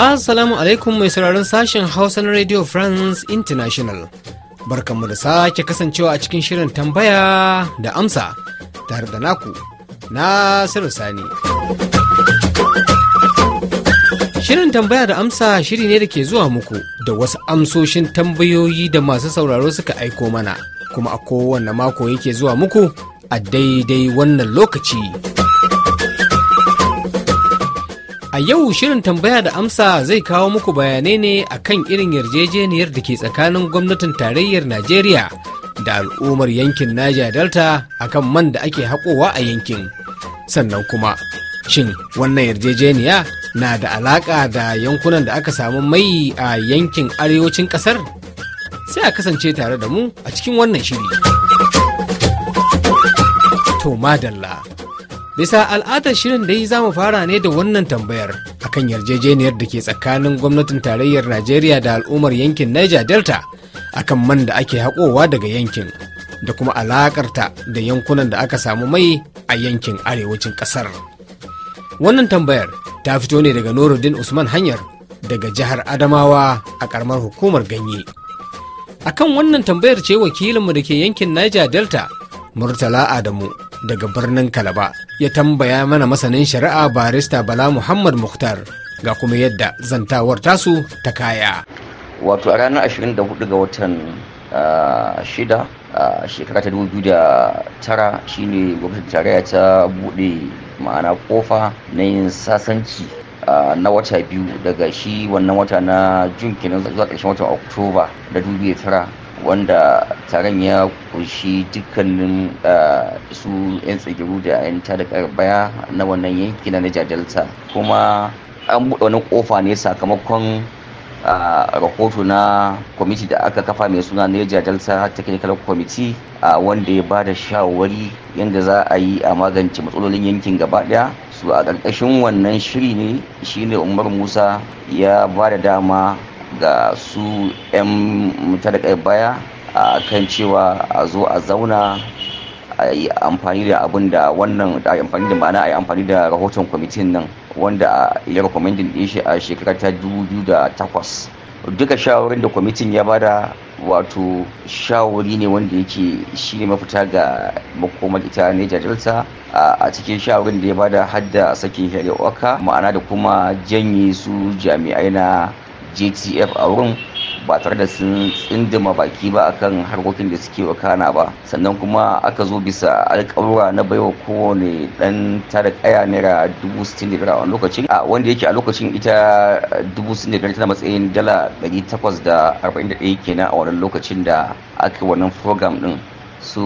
Assalamu alaikum mai sauraron sashen Hausa na Radio France International. Barkanmu da sake kasancewa a cikin shirin tambaya da amsa tare da naku Nasiru Sani. Shirin tambaya da amsa shiri ne da ke zuwa muku da wasu amsoshin tambayoyi da masu sauraro suka aiko mana, kuma a kowane mako yake zuwa muku a daidai wannan lokaci. A yau shirin tambaya da amsa zai kawo muku bayanai ne akan irin yarjejeniyar da ke tsakanin gwamnatin tarayyar Najeriya da al'ummar yankin Niger Delta akan man da ake haƙowa a yankin. Sannan kuma, shin wannan yarjejeniya na da alaƙa da yankunan da aka samu mai a yankin arewacin ƙasar? Sai a kasance tare da mu a cikin wannan shiri. To madalla. Bisa al'adar shirin dai za mu fara ne da wannan tambayar akan yarjejeniyar da ke tsakanin gwamnatin tarayyar Najeriya da al'ummar yankin Niger Delta akan man da ake haƙowa daga yankin da kuma alaƙarta da yankunan da aka samu mai a yankin arewacin ƙasar. Wannan tambayar ta fito ne daga Nuruddin Usman Hanyar daga jihar Adamawa a ƙaramar hukumar Ganye. Akan wannan tambayar ce wakilinmu da ke yankin Niger Delta Murtala Adamu daga birnin Kalaba ya tambaya mana masanin shari'a barista bala muhammad muhtar ga kuma yadda zantawar tasu ta kaya wato a ranar 24 ga watan ah, shida a ah, shekara ta 2009 shine gwamnatin tarayya ta buɗe ma'ana kofa na yin sasanci ah, na wata biyu daga shi wannan wata na jun kenan zuwa ƙarshen watan oktoba da 2009 wanda taron ya kunshi dukkanin ah, su 'yan tsigiru da 'yan tada baya na wannan yanki na Niger Delta kuma an buɗe wani kofa ne sakamakon ah, rahoto na kwamiti da aka kafa mai suna Niger Delta Technical Committee ah, wanda ya bada shawari yadda za a yi a magance matsalolin yankin gaba daya su a ƙarƙashin wannan shiri ne shine Umar Musa ya ba da dama ga su 'yan mutane baya a kan cewa a zo a zauna a yi amfani da abin da wannan a amfani da ma'ana a yi amfani da rahoton kwamitin nan wanda a ya rekomendin din shi a shekarar ta 2008 duka shawarin da kwamitin ya bada wato shawari ne wanda yake shi ne mafita ga makomar ita ne jajirta a cikin shawarin da ya bada hadda sakin shari'a ma'ana da kuma janye su jami'ai na jtf a wurin ba tare da sun tsindima baki ba akan harkokin da suke wakana ba sannan kuma aka zo bisa alƙawura na baiwa kowane dan tara kaya naira dubu sittin da biyar a lokacin a wanda yake a lokacin ita eh, dubu sittin da biyar tana matsayin dala ɗari takwas da arba'in da ɗaya kenan a wannan lokacin da aka wannan program ɗin su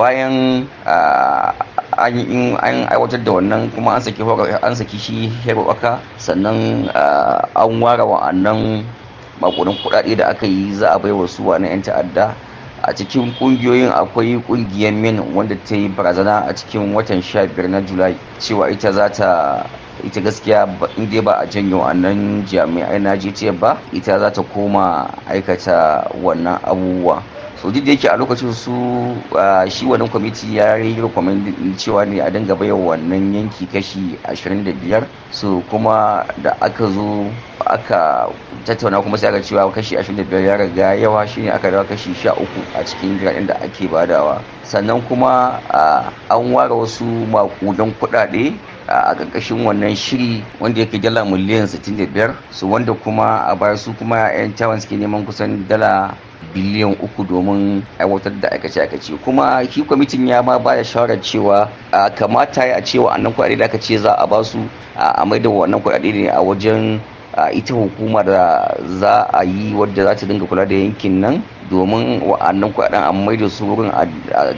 bayan ah, an aiwatar da wannan kuma an saki an saki shi hero aka sannan ah, an ware wa'annan makonin kuɗaɗe da aka yi za a bai wa su wani 'yan ta'adda a cikin kungiyoyin akwai ƙungiyar min wanda ta yi barazana a cikin watan 15 na julai cewa ita za ta ita gaskiya in dai ba a janyo nan jami'ai na jitiyar ba ita za ta koma aikata wannan abubuwa so duk da yake a lokacin su shi wannan kwamiti ya yi rikwamin cewa ne a dinga bayan wannan yanki kashi 25 so kuma da aka zo aka tattauna kuma sai aka cewa kashi 25 ya riga yawa shine aka dawo kashi 13 a cikin gradin da ake badawa sannan kuma an ware wasu makudan kuɗaɗe a ƙarƙashin wannan shiri wanda yake dala miliyan 65 su wanda kuma a baya su kuma 'yan tawon suke neman kusan dala biliyan uku domin aiwatar da aikace-aikace kuma shi kwamitin ya ma baya shawarar cewa a kamata ya wa annan kuɗaɗe da aka ce za a basu a mai da wannan kuɗaɗe ne a wajen ita hukuma da za a yi wadda za ta dinga kula da yankin nan domin wa'annan kuɗaɗen a mai da su wurin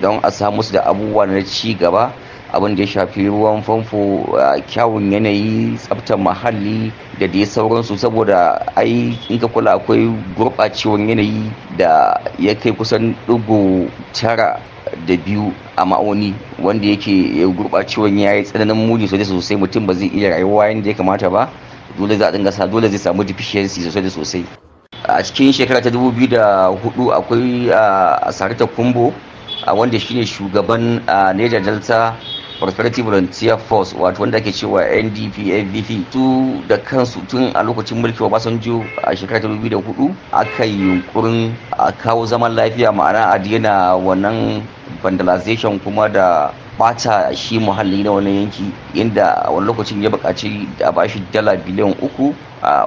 don a samu su da abubuwa na ci gaba abin da ya shafi ruwan famfo kyawun yanayi tsabtar muhalli da dai sauransu saboda ai in ka kula akwai gurɓacewar yanayi da ya kai kusan ɗigo tara da biyu a ma'auni wanda yake gurɓacewar ya yi tsananin muni sosai sosai mutum ba zai iya rayuwa yadda ya kamata ba dole za a dinga sa dole zai samu deficiency sosai da sosai a cikin shekara ta 2004 akwai a sarita kumbo wanda shine shugaban neja delta prosperity volunteer force wato wanda ake cewa ndp su da kansu tun a lokacin mulki obasanjo a shekarar 2004 aka yi yunkurin a kawo zaman lafiya ma'ana a daina wannan vandalization kuma da bata shi muhalli na wani yanki inda wani lokacin ya bukaci a bashi dala biliyan uku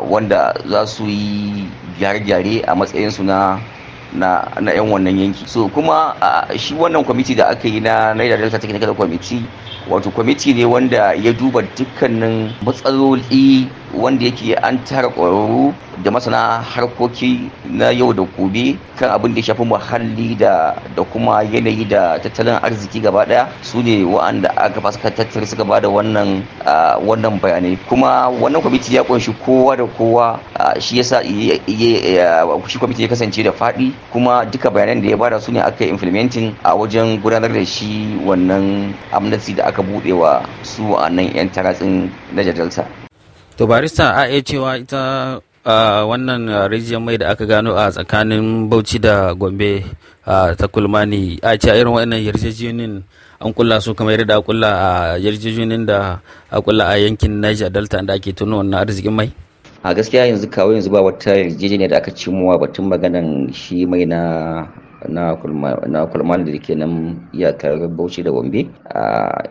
wanda za su yi gyare-gyare a matsayinsu na na na yan wannan yanki so kuma shi wannan kwamiti da aka yi na naira Delta Technical Committee wato kwamiti ne wanda ya duba dukkanin matsaloli wanda yake an tara ƙwararru da masana harkoki na yau da gobe kan abin da shafi muhalli da da kuma yanayi da tattalin arziki gaba daya su ne wa'anda aka fasa suka tattara suka bada wannan wannan bayanai kuma wannan kwamiti ya kunshi kowa da kowa shi yasa shi kwamiti ya kasance da faɗi kuma duka bayanan da ya bada su ne aka implementing a wajen gudanar da shi wannan amnesty da aka buɗe wa su wa'annan 'yan taratsin na jadalta to barista a iya cewa ita wannan rijiyar mai da aka gano a tsakanin bauchi da gombe ta kulmani a ce a irin wannan yarjejenin an kulla su kamar yadda kulla a yarjejenin da a kulla a yankin niger delta da ake tuno wannan arzikin mai a gaskiya yanzu kawo yanzu ba wata yarjejeniya da aka cimuwa batun maganan shi mai na na kulman da ke nan iyakar bauchi da gombe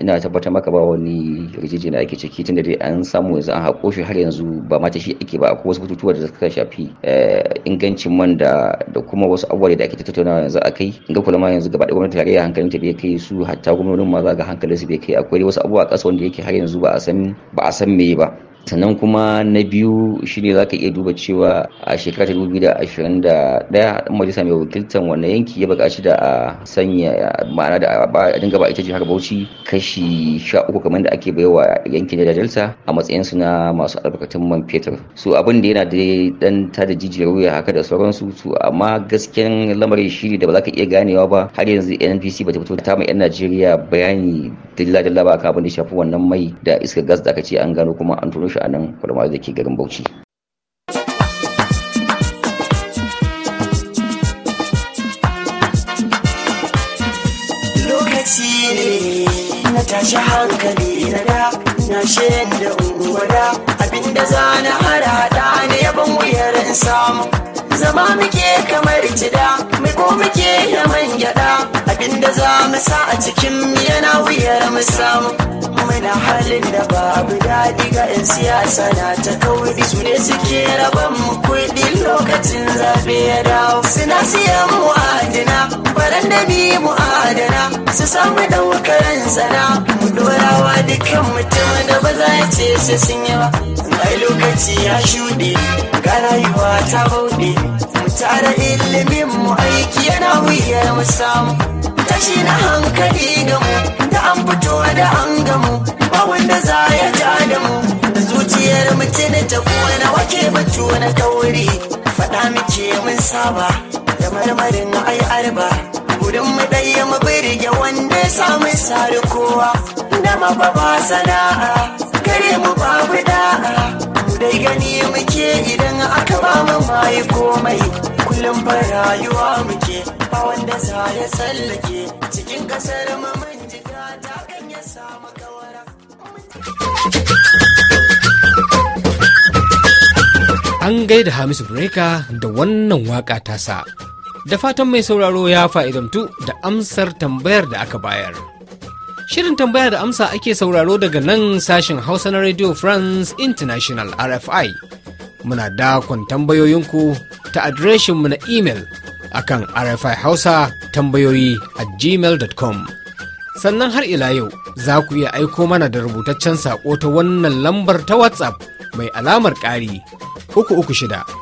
ina tabbatar maka ba wani rijiji na ake ciki tun da dai an samu yanzu an haƙo shi har yanzu ba mata shi ake ba akwai wasu bututuwa da suka shafi eh, ingancin man da kuma wasu abubuwa da ake tattaunawa yanzu a kai ga kulma yanzu gaba da gwamnati tarayya hankalin ta bai kai su hatta gwamnonin ma za ga hankalin su bai kai akwai wasu abubuwa a ƙasa wanda yake har yanzu ba a san ba a san me ba sannan kuma na biyu shine za ka iya duba cewa a shekara ta 2021 ɗan majalisa mai wakiltar wannan yanki ya buƙaci da a sanya ma'ana da a dinga ba ita jihar bauchi kashi sha uku kamar da ake baiwa yankin da delta a matsayin su na masu albarkatun man fetur su abin da yana da dan ta da jijiyar wuya haka da sauransu su amma gaskiyan lamarin shine da ba za ka iya ganewa ba har yanzu NPC ba ta fito ta mai yan Najeriya bayani dalla-dalla ba kan abin da shafi wannan mai da iska gas da aka ce an gano kuma an tono shi a nan kuma da ke garin bauchi lokaci ne na tashi hankali na da na da unguwa da abinda za na harada ne yaban wuyar samu zama muke kamar cida mai ko muke yaman man gyada abinda za mu sa a cikin yana wuyar mu samu halin da babu daɗi ga 'yan siyasa na ta kauri su ne suke raban mu kuɗi lokacin zaɓe ya dawo suna siyan mu adana baran da ni mu adana su samu ɗaukar sana mu dorawa dukkan mutum da ba za ya ce sai sun yi ba Mai lokaci ya shuɗe ga rayuwa ta bauɗe mu tara ilimin mu aiki yana wuyar mu samu tashi na hankali gamu mu da an fito da an gamu ba wanda za ya ja da mu zuciyar mutum ta kuwa na wake batu na tauri faɗa muke mun saba da marmarin ai arba gudun mu ɗaya mu birge wanda ya samu sari kowa da mababa sana'a gare mu babu da'a mu dai gani muke idan aka ba mu mai komai kullum ba rayuwa muke ba wanda za ya tsallake cikin ƙasar mu An gaida Hamisu Breka da wannan waka tasa. Da fatan mai sauraro ya fa'idantu da amsar tambayar da aka bayar. Shirin tambaya da amsa ake sauraro daga nan sashen Hausa na Radio France International RFI. Muna dakon tambayoyinku ta adireshinmu na imel akan RFI Hausa tambayoyi a gmail.com. Sannan har ila yau za ku iya aiko mana da rubutaccen saƙo ta wannan lambar ta WhatsApp mai alamar ƙari uku uku shida.